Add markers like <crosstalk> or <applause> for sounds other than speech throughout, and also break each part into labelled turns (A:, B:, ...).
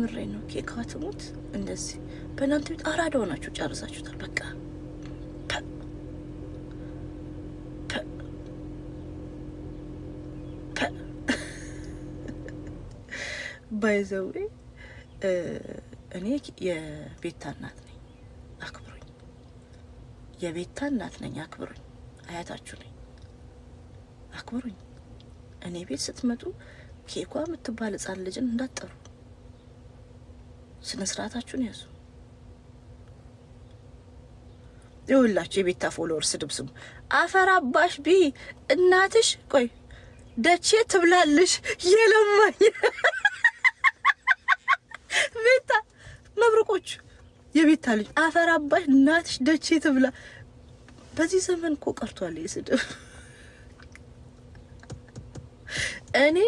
A: ምሬ ነው። ኬክ ትሙት እንደዚህ በእናንተ ቤት አራዳ ሆናችሁ ጨርሳችሁታል። በቃ ባይዘዌ እኔ የቤታ እናት ነኝ፣ አክብሩኝ። የቤታ እናት ነኝ፣ አክብሩኝ። አያታችሁ ነኝ፣ አክብሩኝ። እኔ ቤት ስትመጡ ኬኳ የምትባል ህጻን ልጅን እንዳትጠሩ ስነ ስርዓታችሁን ያዙ። ይኸውላችሁ የቤታ ፎሎወር ስድብ ስሙ። አባሽ ቢ እናትሽ ቆይ ደቼ ትብላልሽ የለማኝ <laughs> ቤታ መብርቆች የቤታ ልጅ አፈር አባሽ እናትሽ ደቼ ትብላ። በዚህ ዘመን እኮ ቀርቷል የስድብ <laughs> እኔ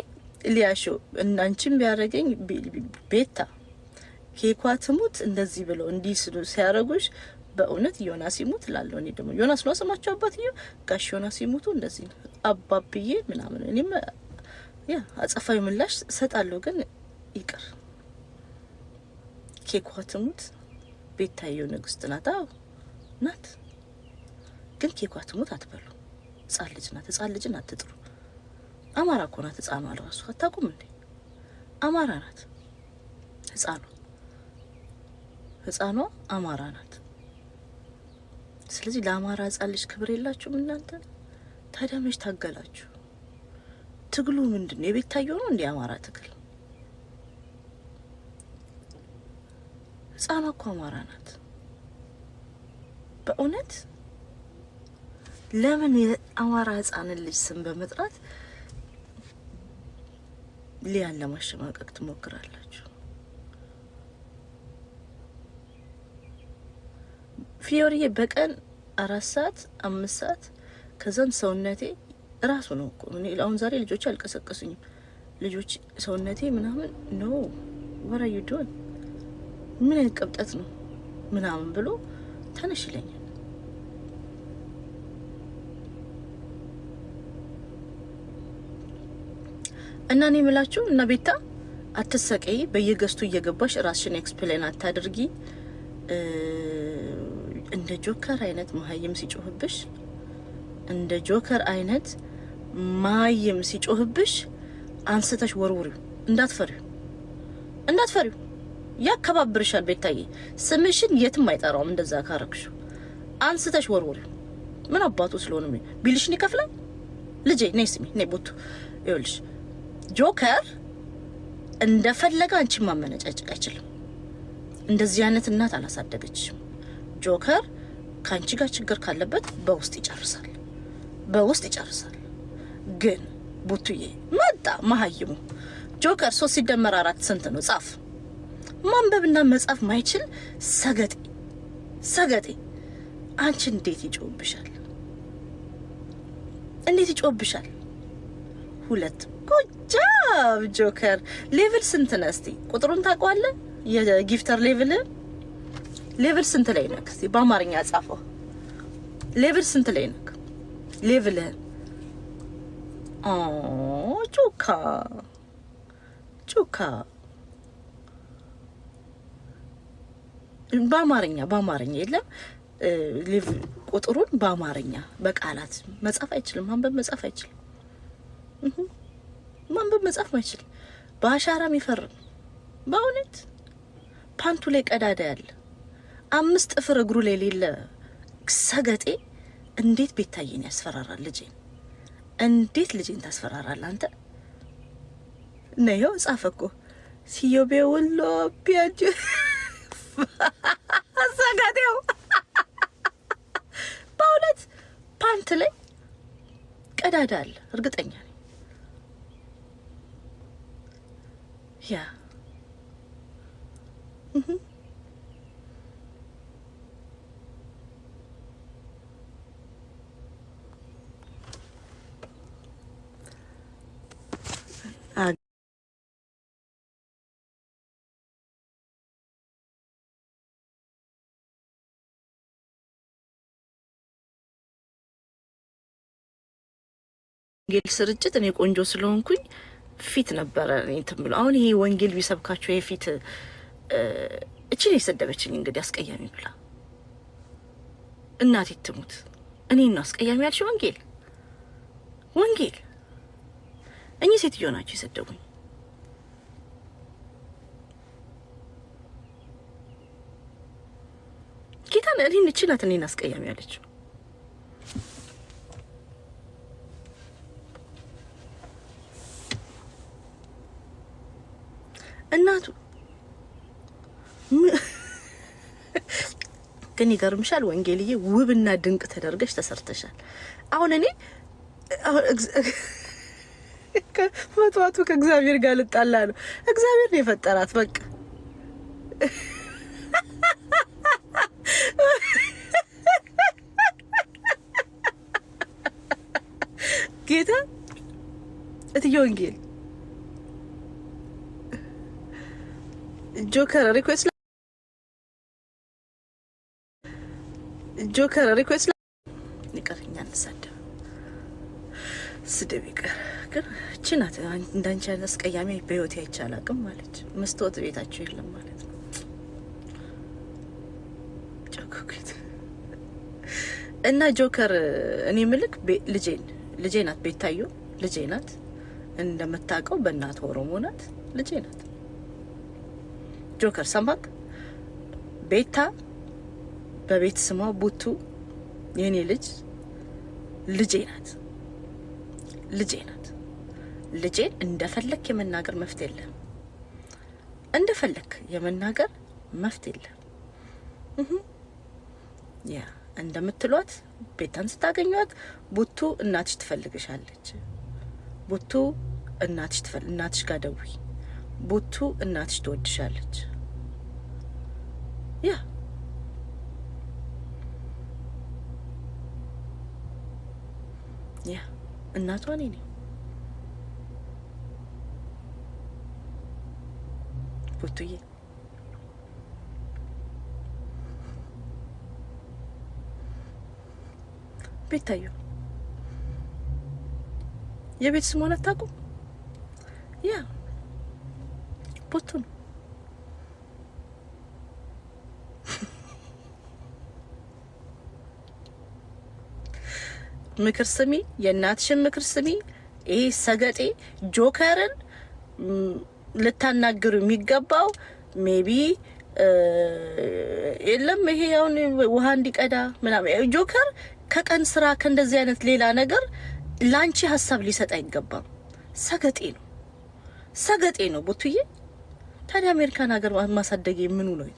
A: ሊያሾ እናንቺም ቢያደርገኝ ቤታ ኬኳ ትሙት እንደዚህ ብለው እንዲህ ስሉ ሲያደርጉሽ በእውነት ዮናስ ይሙት ላለው እኔ ደግሞ ዮናስ ነው ስማቸው። አባትዬ ጋሽ ዮናስ ይሙቱ እንደዚህ አባብዬ ምናምን እኔም ያ አጸፋዊ ምላሽ ሰጣለሁ። ግን ይቅር ኬኳ ትሙት ቤታዬ ንግስት ናት። አዎ ናት። ግን ኬኳ ትሙት አትበሉ። ህጻን ልጅ ናት። ህጻን ልጅን አትጥሩ። አማራ እኮ ናት ህጻኗ። ለራሱ አታውቁም እንዴ? አማራ ናት ህጻኗ። ህፃኗ አማራ ናት። ስለዚህ ለአማራ ህፃን ልጅ ክብር የላችሁም እናንተ። ታዲያ መች ታገላችሁ? ትግሉ ምንድን ነው? ታየው ነው እንዲህ አማራ ትግል። ህፃኗ እኮ አማራ ናት። በእውነት ለምን የአማራ ህፃንን ልጅ ስም በመጥራት ሊያን ለማሸማቀቅ ትሞክራለች? ፊዮሪዬ በቀን አራት ሰዓት አምስት ሰዓት ከዛን ሰውነቴ ራሱ ነው እኮ አሁን ዛሬ ልጆች አልቀሰቀሱኝም። ልጆች ሰውነቴ ምናምን ኖ ወራ ዶን ምን አይነት ነው ምናምን ብሎ ተነሽ ይለኛል። እና እኔ የምላችሁ እና ቤታ አትሰቀይ፣ በየገስቱ እየገባሽ ራስሽን ኤክስፕሌን አታድርጊ። እንደ ጆከር አይነት መሀይም ሲጮህብሽ፣ እንደ ጆከር አይነት መሀይም ሲጮህብሽ አንስተሽ ወርውሪው። እንዳትፈሪው እንዳትፈሪው፣ ያከባብርሻል። ቤታዬ ስምሽን የትም አይጠራውም። እንደዛ ካረግሽው አንስተሽ ወርውሪው። ምን አባቱ ስለሆነ ቢልሽን ይከፍላል። ልጄ ነይ ስሚ፣ ነይ ቦቱ። ይኸውልሽ ጆከር እንደፈለገ አንቺን ማመነጫጭቅ አይችልም። እንደዚህ አይነት እናት አላሳደገችም። ጆከር ከአንቺ ጋር ችግር ካለበት በውስጥ ይጨርሳል፣ በውስጥ ይጨርሳል። ግን ቡቱዬ መጣ መሀይሙ ጆከር ሶስት ሲደመር አራት ስንት ነው? ጻፍ ማንበብና መጻፍ ማይችል ሰገጤ ሰገጤ። አንቺ እንዴት ይጮብሻል? እንዴት ይጮብሻል? ሁለት ጎጃብ ጆከር ሌቭል ስንት ነህ? እስቲ ቁጥሩን ታውቀዋለህ? የጊፍተር ሌቭልን ሌቭል ስንት ላይ ነክ? እስቲ በአማርኛ ጻፈው። ሌቭል ስንት ላይ ነክ? ሌቭልህን ጩካ ጩካ በአማርኛ በአማርኛ የለም። ቁጥሩን በአማርኛ በቃላት መጻፍ አይችልም። ማንበብ መጻፍ አይችልም። ማንበብ መጻፍ አይችልም። በአሻራ የሚፈርም በእውነት ፓንቱ ላይ ቀዳዳ ያለ አምስት ጥፍር እግሩ ላይ የሌለ ሰገጤ እንዴት ቤታዬን ያስፈራራል? ልጄን እንዴት ልጄን ታስፈራራል? አንተ ነየው ጻፈ ሲዮቤ ወሎ ፒያጁ <laughs> ሰገጤው <laughs> በእውነት ፓንት ላይ ቀዳዳ አለ፣ እርግጠኛ ነኝ። ያ ወንጌል ስርጭት እኔ ቆንጆ ስለሆንኩኝ ፊት ነበረ እንትን ብሎ አሁን ይሄ ወንጌል ቢሰብካቸው ይሄ ፊት እችን የሰደበችኝ እንግዲህ አስቀያሚ ብላ እናቴ ትሙት። እኔ ነው አስቀያሚ ያልሽ? ወንጌል ወንጌል እኚህ ሴትዮ ናቸው የሰደቡኝ። ጌታ እኔን እችላት እኔን አስቀያሚ ያለችው እናቱ ግን ይገርምሻል፣ ወንጌልዬ ውብና ድንቅ ተደርገሽ ተሰርተሻል። አሁን እኔ መጥዋቱ ከእግዚአብሔር ጋር ልጣላ ነው። እግዚአብሔር ነው የፈጠራት። በቃ ጌታ እትዬ ወንጌል ጆከር ሪኩዌስት ጆከር ሪኩዌስት ይቀርኛ እንሳደብ ስድብ ይቀር ግን እቺ ናት እንዳንቺ ያለ አስቀያሚ በህይወቴ አይቼ ማለች። መስታወት ቤታቸው የለም ማለት ነው። እና ጆከር እኔ ምልክ ልጄን ልጄ ናት ቤታዩ ልጄ ናት እንደምታውቀው በእናት ኦሮሞ ናት ልጄ ናት ጆከር ሰንባክ ቤታ በቤት ስሟ ቡቱ የኔ ልጅ ልጄ ናት፣ ልጄ ናት። ልጄን እንደፈለክ የመናገር መፍት የለም፣ እንደፈለክ የመናገር መፍት የለም። ያ እንደምትሏት ቤታን ስታገኟት ቡቱ እናትሽ ትፈልግሻለች። ቡቱ እናትሽ ትፈል እናትሽ ጋር ደውይ ቡቱ እናትሽ ትወድሻለች። ያ ያ እናቷ እኔ ነኝ። ቡቱዬ ቤታዩ የቤት ስሟን አታውቁም? ያ ስፖርቱ ነው። ምክር ስሚ፣ የእናትሽን ምክር ስሚ። ይሄ ሰገጤ ጆከርን ልታናግሩ የሚገባው ሜቢ የለም ይሄ አሁን ውሃ እንዲቀዳ ምናምን ጆከር ከቀን ስራ ከእንደዚህ አይነት ሌላ ነገር ለአንቺ ሀሳብ ሊሰጥ አይገባም። ሰገጤ ነው፣ ሰገጤ ነው ቦቱዬ። ታዲያ አሜሪካን ሀገር ማሳደጌ ምኑ ነው?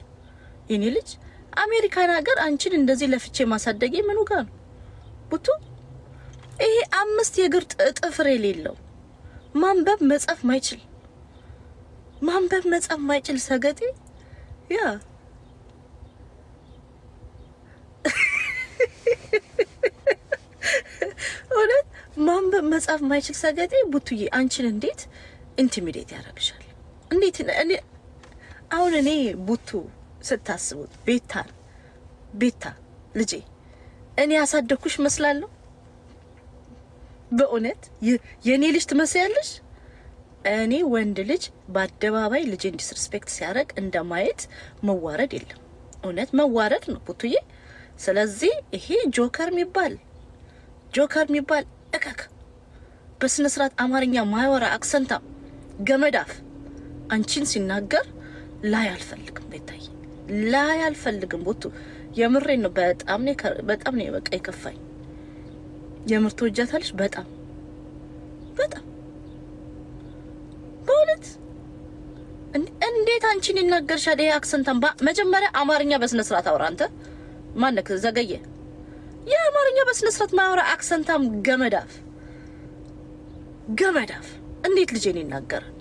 A: የኔ ልጅ አሜሪካን ሀገር አንቺን እንደዚህ ለፍቼ ማሳደጌ ምኑ ጋር ነው? ቡቱ ይሄ አምስት የእግር ጥፍር የሌለው ማንበብ መጻፍ ማይችል ማንበብ መጻፍ ማይችል ሰገጤ ያ <laughs> እውነት ማንበብ መጻፍ ማይችል ሰገጤ ቡቱዬ አንቺን እንዴት ኢንቲሚዴት ያደርግሻል? እንዴት አሁን እኔ ቡቱ ስታስቡት ቤታ ቤታ ልጄ እኔ ያሳደግኩሽ መስላለሁ። በእውነት የእኔ ልጅ ትመስያለሽ። እኔ ወንድ ልጅ በአደባባይ ልጄን ዲስሪስፔክት ሲያደርግ እንደማየት መዋረድ የለም። እውነት መዋረድ ነው ቡቱዬ። ስለዚህ ይሄ ጆከር የሚባል ጆከር የሚባል እከክ በስነ ስርዓት አማርኛ ማይወራ አክሰንታም ገመዳፍ አንቺን ሲናገር ላይ አልፈልግም ቤታይ ላይ አልፈልግም ቦቱ። የምሬን ነው። በጣም ነው በጣም ነው በቃ የከፋኝ። የምር ትወጃታለሽ በጣም በጣም በእውነት። እንዴት አንቺን ይናገርሻል ይሄ አክሰንታም። መጀመሪያ አማርኛ በስነ ስርዓት አውራ አንተ። ማነክ ዘገየ የአማርኛ በስነ ስርዓት ማውራ አክሰንታም፣ ገመዳፍ ገመዳፍ። እንዴት ልጄን ይናገራል?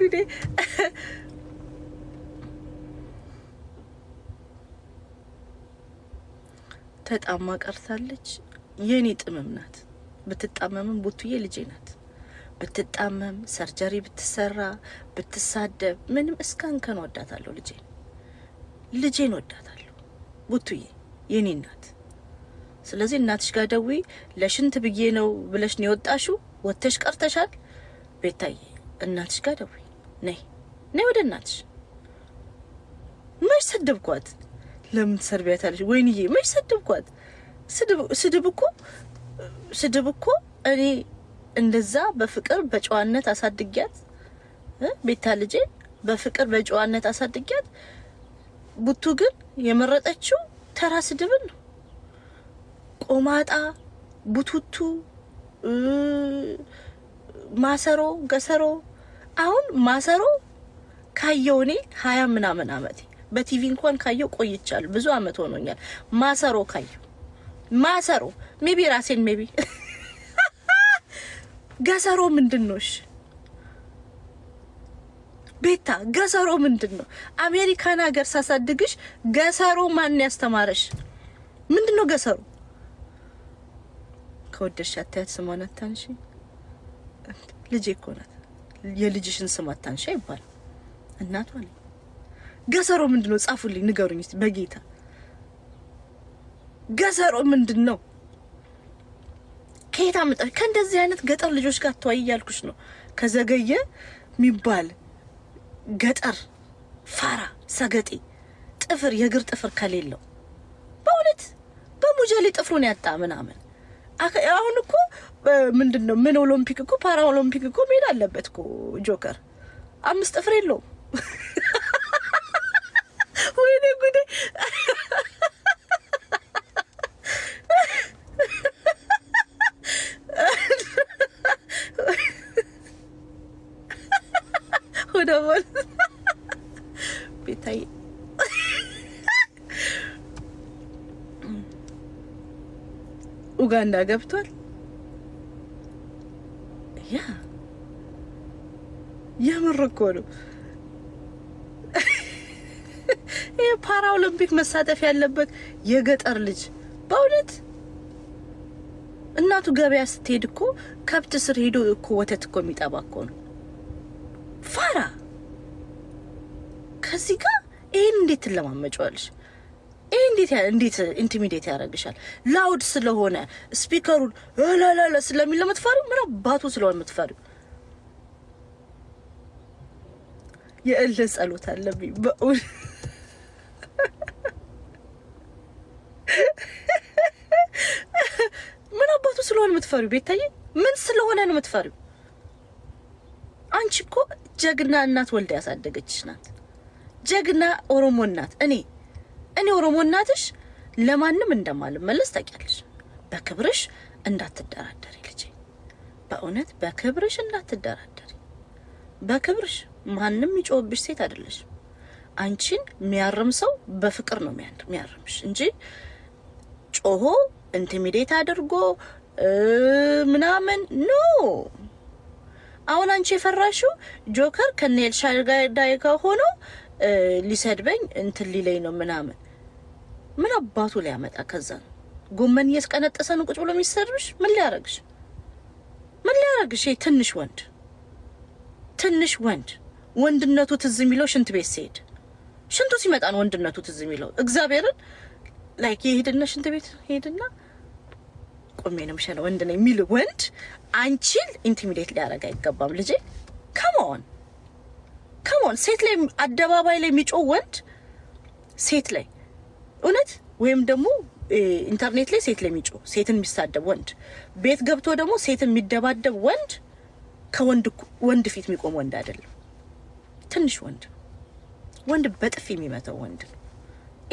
A: ጉዴ ተጣማ ቀርታለች። የኔ ጥምም ናት። ብትጣመምም ቡቱዬ ልጄ ናት። ብትጣመም ሰርጀሪ ብትሰራ ብትሳደብ ምንም እስከ እንከን ወዳታለሁ። ልጄን ልጄን ወዳታለሁ። ቡቱዬ የኔ ናት። ስለዚህ እናትሽ ጋር ደዊ ለሽንት ብዬ ነው ብለሽ ነው የወጣሹ ወጥተሽ ቀርተሻል። ቤታዬ እናትሽ ጋር ደዊ ነይ፣ ነይ ወደ እናትሽ። መች ሰደብኳት ለምን ትሰርቢያታለሽ? ወይንዬ መች ሰድብኳት? ስድብ እኮ ስድብ እኮ እኔ እንደዛ በፍቅር በጨዋነት አሳድጊያት ቤታ ልጄ በፍቅር በጨዋነት አሳድጊያት። ቡቱ ግን የመረጠችው ተራ ስድብን ነው። ቆማጣ፣ ቡቱቱ፣ ማሰሮ፣ ገሰሮ አሁን ማሰሮ ካየው እኔ ሀያ ምናምን አመቴ በቲቪ እንኳን ካየው ቆይቻል። ብዙ አመት ሆኖኛል። ማሰሮ ካየው ማሰሮ ሜቢ ራሴን ሜቢ <laughs> ገሰሮ ምንድን ነሽ ቤታ ገሰሮ ምንድን ነው? አሜሪካን ሀገር ሳሳድግሽ ገሰሮ ማን ያስተማረሽ? ምንድን ነው ገሰሮ? ከወደድሻት አታያት ስሟን አታንሺ። ልጄ እኮ ናት። የልጅሽን ስም አታንሺ አይባልም። እናቷ ነኝ። ገሰሮ ምንድን ነው? ጻፉልኝ፣ ንገሩኝ እስቲ በጌታ ገሰሮ ምንድን ነው? ከየት አመጣ? ከእንደዚህ አይነት ገጠር ልጆች ጋር ተዋይ እያልኩሽ ነው። ከዘገየ የሚባል ገጠር ፋራ ሰገጤ ጥፍር የእግር ጥፍር ከሌለው በእውነት በሙጀሌ ጥፍሩን ያጣ ምናምን አሁን እኮ ምንድን ነው ምን ኦሎምፒክ እኮ ፓራ ኦሎምፒክ እኮ መሄድ አለበት እኮ ጆከር አምስት ጥፍር የለውም። <laughs> ወይኔ ጉዴ ኡጋንዳ ገብቷል። ያ የምር እኮ ነው። ይህ ፓራ ኦሎምፒክ መሳተፍ ያለበት የገጠር ልጅ በእውነት እናቱ ገበያ ስትሄድ እኮ ከብት ስር ሄዶ እኮ ወተት እኮ የሚጠባ እኮ ነው ፋራ። ከዚህ ጋር ይህን እንዴት ትለማመጫዋለሽ? እንዴት እንዴት ኢንቲሚዴት ያደርግሻል? ላውድ ስለሆነ ስፒከሩን ላላላ ስለሚል ለምትፈሪው ምን አባቱ ስለሆነ የምትፈሪው የእልህ ጸሎት አለብኝ በእውነት ምን አባቱ ስለሆነ የምትፈሪው ቤታዬ፣ ምን ስለሆነ ነው የምትፈሪው? አንቺ እኮ ጀግና እናት ወልዳ ያሳደገችሽ ናት። ጀግና ኦሮሞ እናት እኔ እኔ ኦሮሞ እናትሽ ለማንም እንደማልመለስ ታውቂያለሽ። በክብርሽ እንዳትደራደሪ ልጄ፣ በእውነት በክብርሽ እንዳትደራደሪ። በክብርሽ ማንም ይጮህብሽ ሴት አይደለሽ። አንቺን የሚያርም ሰው በፍቅር ነው የሚያርምሽ እንጂ ጮሆ ኢንቲሚዴት አድርጎ ምናምን ኖ። አሁን አንቺ የፈራሽው ጆከር ከነ ኤልሻዳይ ጋር ሆኖ ሊሰድበኝ እንትን ሊለኝ ነው ምናምን ምን አባቱ ላይ ሊያመጣ ከዛ ነው ጎመን እየስቀነጠሰ ነው ቁጭ ብሎ የሚሰድብሽ? ምን ሊያረግሽ ምን ሊያረግሽ? ትንሽ ወንድ ትንሽ ወንድ ወንድነቱ ትዝ የሚለው ሽንት ቤት ሲሄድ ሽንቱ ሲመጣ ነው ወንድነቱ ትዝ የሚለው። እግዚአብሔርን ላይክ የሄድና ሽንት ቤት ሄድና ቆሜ ነው የምሻለው ወንድ ነው የሚል ወንድ አንቺን ኢንቲሚዴት ሊያረግ አይገባም ልጄ። ከመሆን ከመሆን ሴት ላይ አደባባይ ላይ የሚጮህ ወንድ ሴት ላይ እውነት ወይም ደግሞ ኢንተርኔት ላይ ሴት ለሚጮ ሴትን የሚሳደብ ወንድ ቤት ገብቶ ደግሞ ሴትን የሚደባደብ ወንድ ከወንድ ወንድ ፊት የሚቆም ወንድ አይደለም። ትንሽ ወንድ ወንድ በጥፊ የሚመተው ወንድ ነው።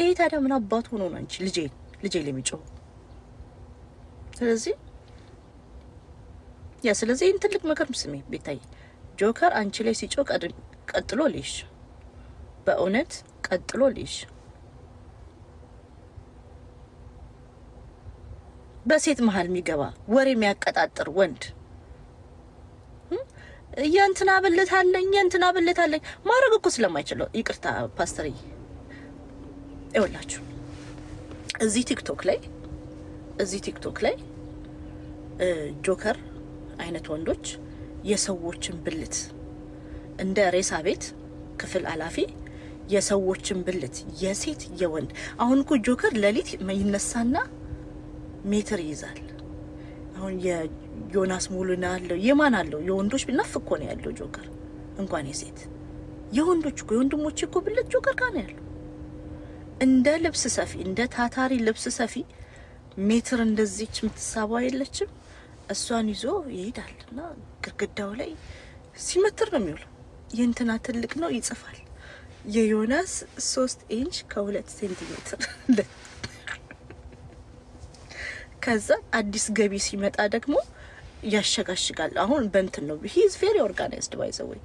A: ይሄ ታዲያ ምን አባቱ ሆኖ ነው አንቺ ልጄ ልጄ ለሚጮ ስለዚህ ያ ስለዚህ ይህን ትልቅ ምክር ስሜ ቤታይ ጆከር አንቺ ላይ ሲጮ ቀጥሎ ልሽ በእውነት ቀጥሎ ልሽ በሴት መሀል የሚገባ ወሬ የሚያቀጣጥር ወንድ የእንትና ብልት አለኝ የእንትና ብልት ማድረግ እኮ ስለማይችለው ይቅርታ ፓስተር ይወላችሁ እዚህ ቲክቶክ ላይ እዚህ ቲክቶክ ላይ ጆከር አይነት ወንዶች የሰዎችን ብልት እንደ ሬሳ ቤት ክፍል አላፊ የሰዎችን ብልት የሴት የወንድ አሁን እኮ ጆከር ሌሊት ይነሳና ሜትር ይይዛል። አሁን የዮናስ ሙሉና አለው የማን አለው የወንዶች ብናፍ እኮ ነው ያለው ጆከር እንኳን የሴት የወንዶች እኮ የወንድሞች እኮ ብልት ጆከር ጋ ነው ያለው። እንደ ልብስ ሰፊ እንደ ታታሪ ልብስ ሰፊ ሜትር እንደዚች የምትሳባ የለችም። እሷን ይዞ ይሄዳል እና ግድግዳው ላይ ሲመትር ነው የሚውለው። የእንትና ትልቅ ነው ይጽፋል። የዮናስ ሶስት ኢንች ከሁለት ሴንቲሜትር <laughs> ከዛ አዲስ ገቢ ሲመጣ ደግሞ ያሸጋሽጋል። አሁን በእንትን ነው ሂዝ ቬሪ ኦርጋናይዝድ ባይ ዘ ወይ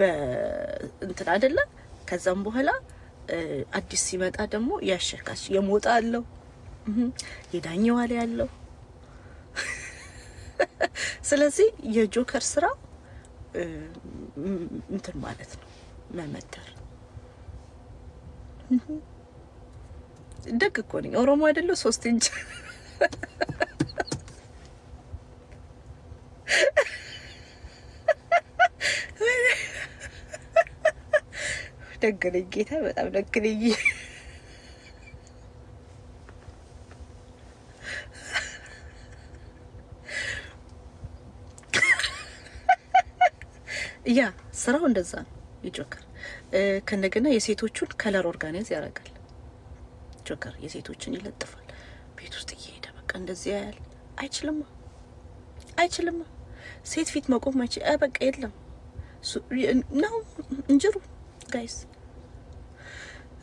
A: በእንትን አይደለ። ከዛም በኋላ አዲስ ሲመጣ ደግሞ ያሸጋሽ የሞጣ አለው የዳኘው ዋላ ያለው ስለዚህ የጆከር ስራ እንትን ማለት ነው መመደር። ደግ እኮ ነኝ ኦሮሞ አይደለሁ ሶስት እንጂ <laughs> ደግ ነኝ ጌታ፣ በጣም ደግ ነኝ። <laughs> ያ ስራው እንደዛ ነው። የጆከር ከነገና የሴቶቹን ከለር ኦርጋናይዝ ያደርጋል። ጆከር የሴቶችን ይለጥፋል። በቃ እንደዚህ ያያል። አይችልም አይችልም። ሴት ፊት መቆም አይችል። በቃ የለም ነው እንጅሩ ጋይስ፣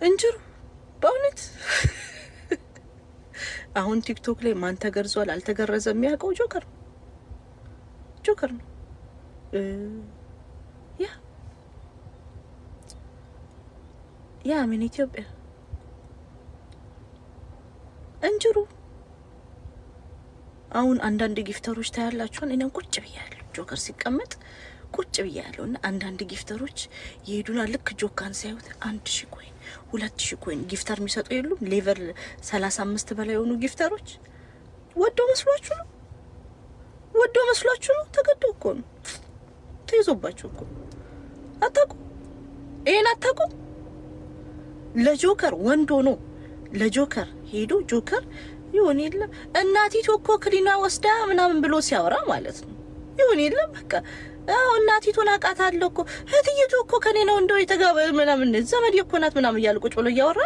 A: እንጅሩ በእውነት <laughs> አሁን ቲክቶክ ላይ ማን ተገርዟል አልተገረዘ የሚያውቀው ጆከር ነው፣ ጆከር ነው። ያ ያ ምን ኢትዮጵያ እንጅሩ አሁን አንዳንድ ጊፍተሮች ታያላችሁን። እኔም ቁጭ ብያለሁ፣ ጆከር ሲቀመጥ ቁጭ ብያለሁ። እና አንዳንድ ጊፍተሮች ይሄዱና ልክ ጆካን ሲያዩት አንድ ሺ ኮይን ሁለት ሺ ኮይን ጊፍተር የሚሰጡ የሉም። ሌቨል ሰላሳ አምስት በላይ የሆኑ ጊፍተሮች ወዶ መስሏችሁ ነው? ወዶ መስሏችሁ ነው? ተገዶ እኮ ነው። ተይዞባቸው እኮ አታቁ ይሄን አታቁ ለጆከር ወንድ ሆኖ ለጆከር ሄዶ ጆከር ይሁን የለም እናቲቱ እኮ ክሊና ወስዳ ምናምን ብሎ ሲያወራ ማለት ነው። ይሁን የለም በቃ አዎ እናቲቱን አውቃታለሁ እኮ እህትየቱ እኮ ከኔ ነው እንደው የተጋበ ምናምን ዘመድ እኮ ናት ምናምን እያለ ቁጭ ብሎ እያወራ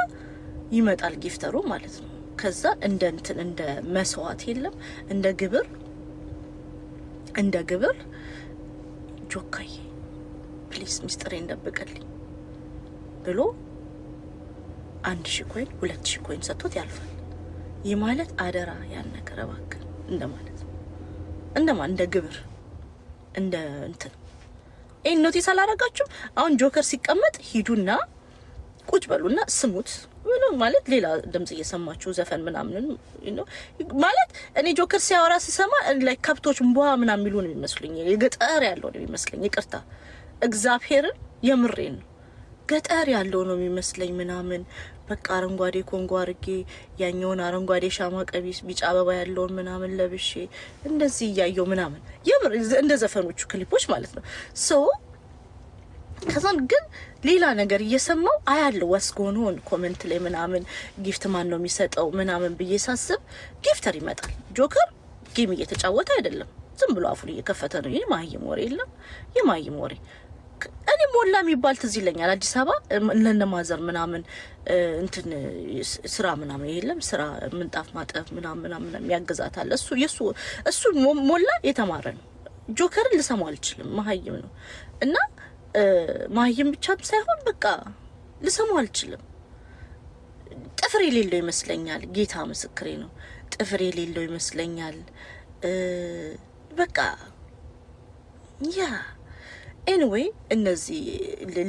A: ይመጣል ጊፍተሩ ማለት ነው። ከዛ እንደ እንትን እንደ መስዋዕት የለም እንደ ግብር እንደ ግብር ጆካዬ ፕሊስ ሚስጥር እንደብቀልኝ ብሎ አንድ ሺ ኮይን ሁለት ሺ ኮይን ሰጥቶት ያልፋል። ይህ ማለት አደራ ያን ነገር እባክህ እንደማለት እንደማ እንደ ግብር እንደ እንትን ይህን ኖቲስ አላረጋችሁም? አሁን ጆከር ሲቀመጥ ሂዱና ቁጭ በሉና ስሙት ብሎ ማለት ሌላ ድምጽ እየሰማችሁ ዘፈን ምናምን ማለት እኔ ጆከር ሲያወራ ሲሰማ ላይ ከብቶች ቧ ምናምን የሚሉ ነው የሚመስሉኝ፣ የገጠር ያለው ነው የሚመስለኝ። ይቅርታ እግዚአብሔርን የምሬን ነው። ገጠር ያለው ነው የሚመስለኝ ምናምን በቃ አረንጓዴ ኮንጎ አርጌ ያኛውን አረንጓዴ ሻማ ቀቢስ ቢጫ አበባ ያለውን ምናምን ለብሼ እንደዚህ እያየው ምናምን የምር እንደ ዘፈኖቹ ክሊፖች ማለት ነው። ሶ ከዛን ግን ሌላ ነገር እየሰማው አያለው ወስጎንሆን ኮመንት ላይ ምናምን ጊፍት ማን ነው የሚሰጠው ምናምን ብዬ ሳስብ ጊፍተር ይመጣል። ጆከር ጌም እየተጫወተ አይደለም፣ ዝም ብሎ አፉን እየከፈተ ነው። ይህ ማይም ወሬ የለም ይህ ማይም ወሬ እኔ ሞላ የሚባል ትዝ ይለኛል። አዲስ አበባ ማዘር ምናምን እንትን ስራ ምናምን የለም ስራ ምንጣፍ ማጠፍ ምናምን ምናምን የሚያገዛታል። እሱ የሱ እሱ ሞላ የተማረ ነው። ጆከርን ልሰማው አልችልም። መሀይም ነው እና መሀይም ብቻም ሳይሆን በቃ ልሰማው አልችልም። ጥፍር የሌለው ይመስለኛል። ጌታ ምስክሬ ነው። ጥፍር የሌለው ይመስለኛል። በቃ ያ ኤንዌይ እነዚህ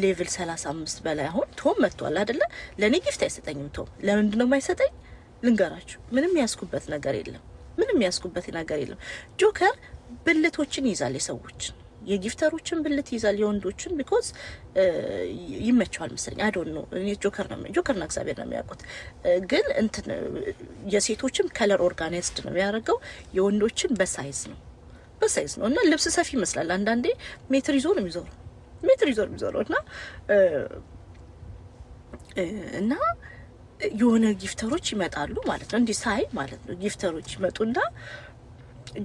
A: ሌቭል 35 በላይ አሁን ቶም መጥቷል አደለ? ለእኔ ጊፍት አይሰጠኝም ቶም። ለምንድን ነው የማይሰጠኝ? ልንገራችሁ። ምንም ያስኩበት ነገር የለም። ምንም ያስኩበት ነገር የለም። ጆከር ብልቶችን ይይዛል፣ የሰዎችን የጊፍተሮችን ብልት ይዛል የወንዶችን ቢኮዝ ይመቸዋል መሰለኝ። አይዶን ነው እኔ ጆከር ነው ና እግዚአብሔር ነው የሚያውቁት። ግን እንትን ከለር ኦርጋናይዝድ ነው የሚያደርገው፣ የወንዶችን በሳይዝ ነው ሳይዝ ነው እና ልብስ ሰፊ ይመስላል። አንዳንዴ ሜትር ይዞ ነው የሚዞረው ሜትር ይዞ ነው የሚዞረው እና እና የሆነ ጊፍተሮች ይመጣሉ ማለት ነው። እንዲህ ሳይ ማለት ነው ጊፍተሮች ይመጡና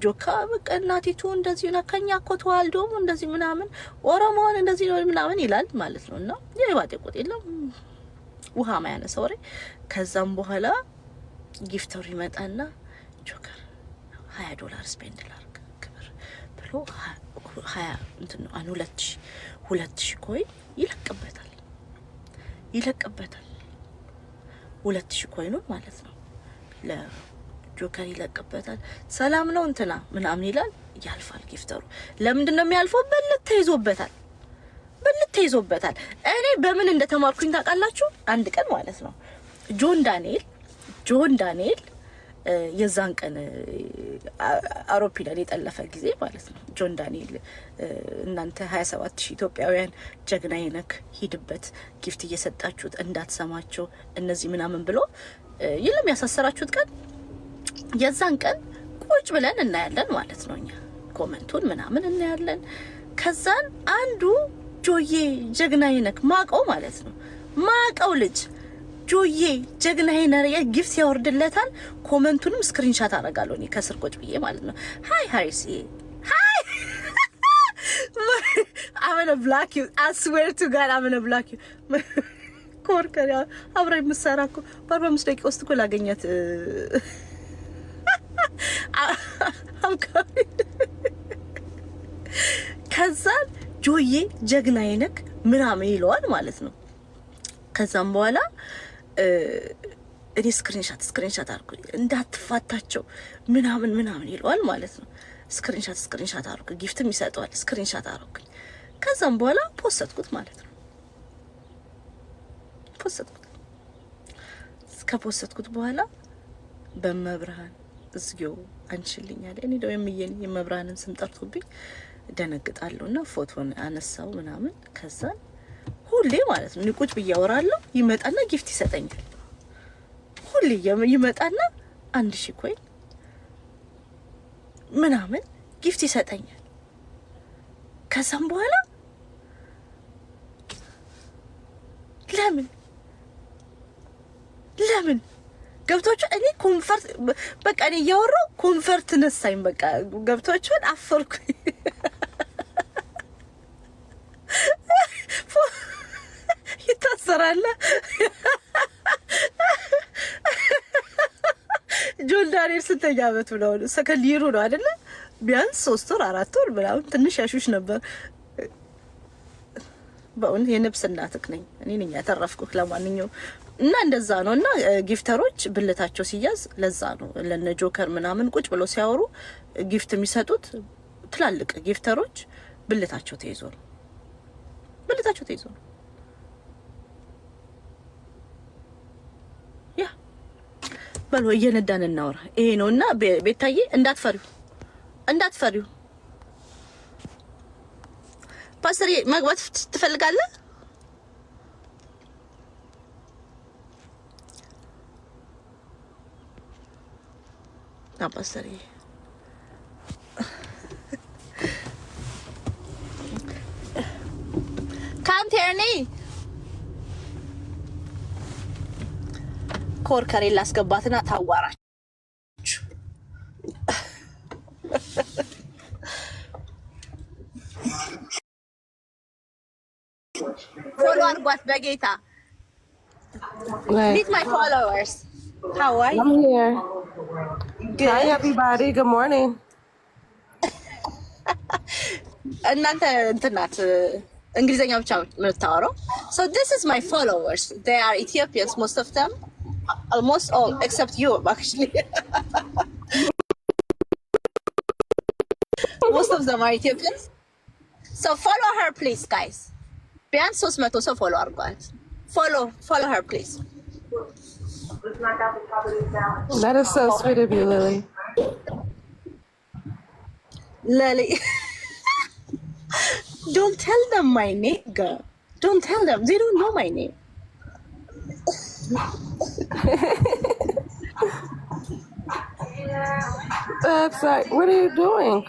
A: ጆካ በቃ እናቲቱ እንደዚህ ነው ከኛ እኮ ተዋልዶ እንደዚህ ምናምን ኦሮሞን እንደዚህ ነው ምናምን ይላል ማለት ነው እና የባጤ ቆጥ የለም ውሃ ማያነሳ ወሬ። ከዛም በኋላ ጊፍተሩ ይመጣና ጆከር ሀያ ዶላር ስፔንድ ብሎ ሀያ እንትን ነው አን ሁለት ሺ ሁለት ሺ ኮይን ይለቅበታል ይለቅበታል ሁለት ሺ ኮይኑን ማለት ነው ለጆከር ይለቅበታል። ሰላም ነው እንትና ምናምን ይላል ያልፋል። ጊፍተሩ ለምንድን ነው የሚያልፈው? ብልት ተይዞበታል ብልት ተይዞበታል። እኔ በምን እንደተማርኩኝ ታውቃላችሁ? አንድ ቀን ማለት ነው ጆን ዳንኤል ጆን ዳንኤል የዛን ቀን አውሮፕላን የጠለፈ ጊዜ ማለት ነው። ጆን ዳንኤል እናንተ 27 ሺህ ኢትዮጵያውያን ጀግና የነክ ሂድበት ጊፍት እየሰጣችሁት እንዳትሰማቸው እነዚህ ምናምን ብሎ ይልም ያሳሰራችሁት ቀን የዛን ቀን ቁጭ ብለን እናያለን ማለት ነው። እኛ ኮመንቱን ምናምን እናያለን። ከዛን አንዱ ጆዬ ጀግና የነክ ማቀው ማለት ነው ማቀው ልጅ ጆዬ ጀግና ሄነሪያ ጊፍት ያወርድለታል። ኮመንቱንም ስክሪንሻት አደርጋለሁ እኔ ከስር ቁጭ ብዬ ማለት ነው። ሀይ ሀሪስ ሀይ አመነ ብላክ ዩ አስዌር ቱ ጋድ አመነ ብላክ ዩ ኮርከር አብራ የምትሰራ እኮ በአርባ አምስት ደቂቃ ውስጥ እኮ ላገኛት ከዛን ጆዬ ጀግና አይነክ ምናምን ይለዋል ማለት ነው። ከዛም በኋላ እኔ ስክሪንሻት ስክሪንሻት አርጉ እንዳትፋታቸው ምናምን ምናምን ይለዋል ማለት ነው። ስክሪንሻት ስክሪንሻት አርጉ ጊፍትም ይሰጠዋል። ስክሪንሻት አርጉኝ። ከዛም በኋላ ፖሰትኩት ማለት ነው። ፖሰትኩት። ከፖሰትኩት በኋላ በመብርሃን እዝጊው አንችልኛል። እኔ ደው የምየን የመብርሃንን ስም ጠርቶብኝ ደነግጣለሁ እና ፎቶን አነሳው ምናምን ከዛን ሁሌ ማለት ነው ቁጭ ብዬ አወራለሁ። ይመጣና ጊፍት ይሰጠኛል። ሁሌ ይመጣና አንድ ሺ ኮይን ምናምን ጊፍት ይሰጠኛል። ከዛም በኋላ ለምን ለምን ገብቶቹ እኔ ኮንፈርት በቃ እኔ እያወራሁ ኮንፈርት ነሳኝ። በቃ ገብቶቹን አፈርኩ። ትሰራለህ? ጆን ዳንኤል ስንተኛ አመቱ ነው? ሰከንድ ይሩ ነው አይደለ? ቢያንስ ሶስት ወር አራት ወር ምናምን ትንሽ ያሹሽ ነበር። በእውነት የነብስ እናትክ ነኝ እኔ ነኝ ያተረፍኩህ። ለማንኛውም እና እንደዛ ነው። እና ጊፍተሮች ብልታቸው ሲያዝ ለዛ ነው ለነ ጆከር ምናምን ቁጭ ብሎ ሲያወሩ ጊፍት የሚሰጡት ትላልቅ ጊፍተሮች ብልታቸው ተይዞ ነው። ብልታቸው ተይዞ ነው። በሎ እየነዳን እናወራ። ይሄ ነው እና ቤታዬ እንዳትፈሪው፣ እንዳትፈሪው። ፓስተር መግባት ትፈልጋለህ? ፓስተር ካም ቴርኒ ኮርከሬ ላስገባትና ታዋራችሁ። ፎሎ አርጓት በጌታ Meet my followers. How are you?
B: I'm here. Good. Hi, everybody. Good morning.
A: እናንተ እንትናት እንግሊዝኛ ብቻ የምታወራው። So this is my followers. They are Ethiopians most of them. almost all except you, actually. <laughs> Most of them are Ethiopians. So follow her please guys. ቢያንስ 300 follow her, guys. Follow, follow her please.
B: That is so sweet of you, Lily.
A: Lily. <laughs> don't tell them my name, girl. Don't tell them. They don't know my name. <laughs> That's like, what are you doing?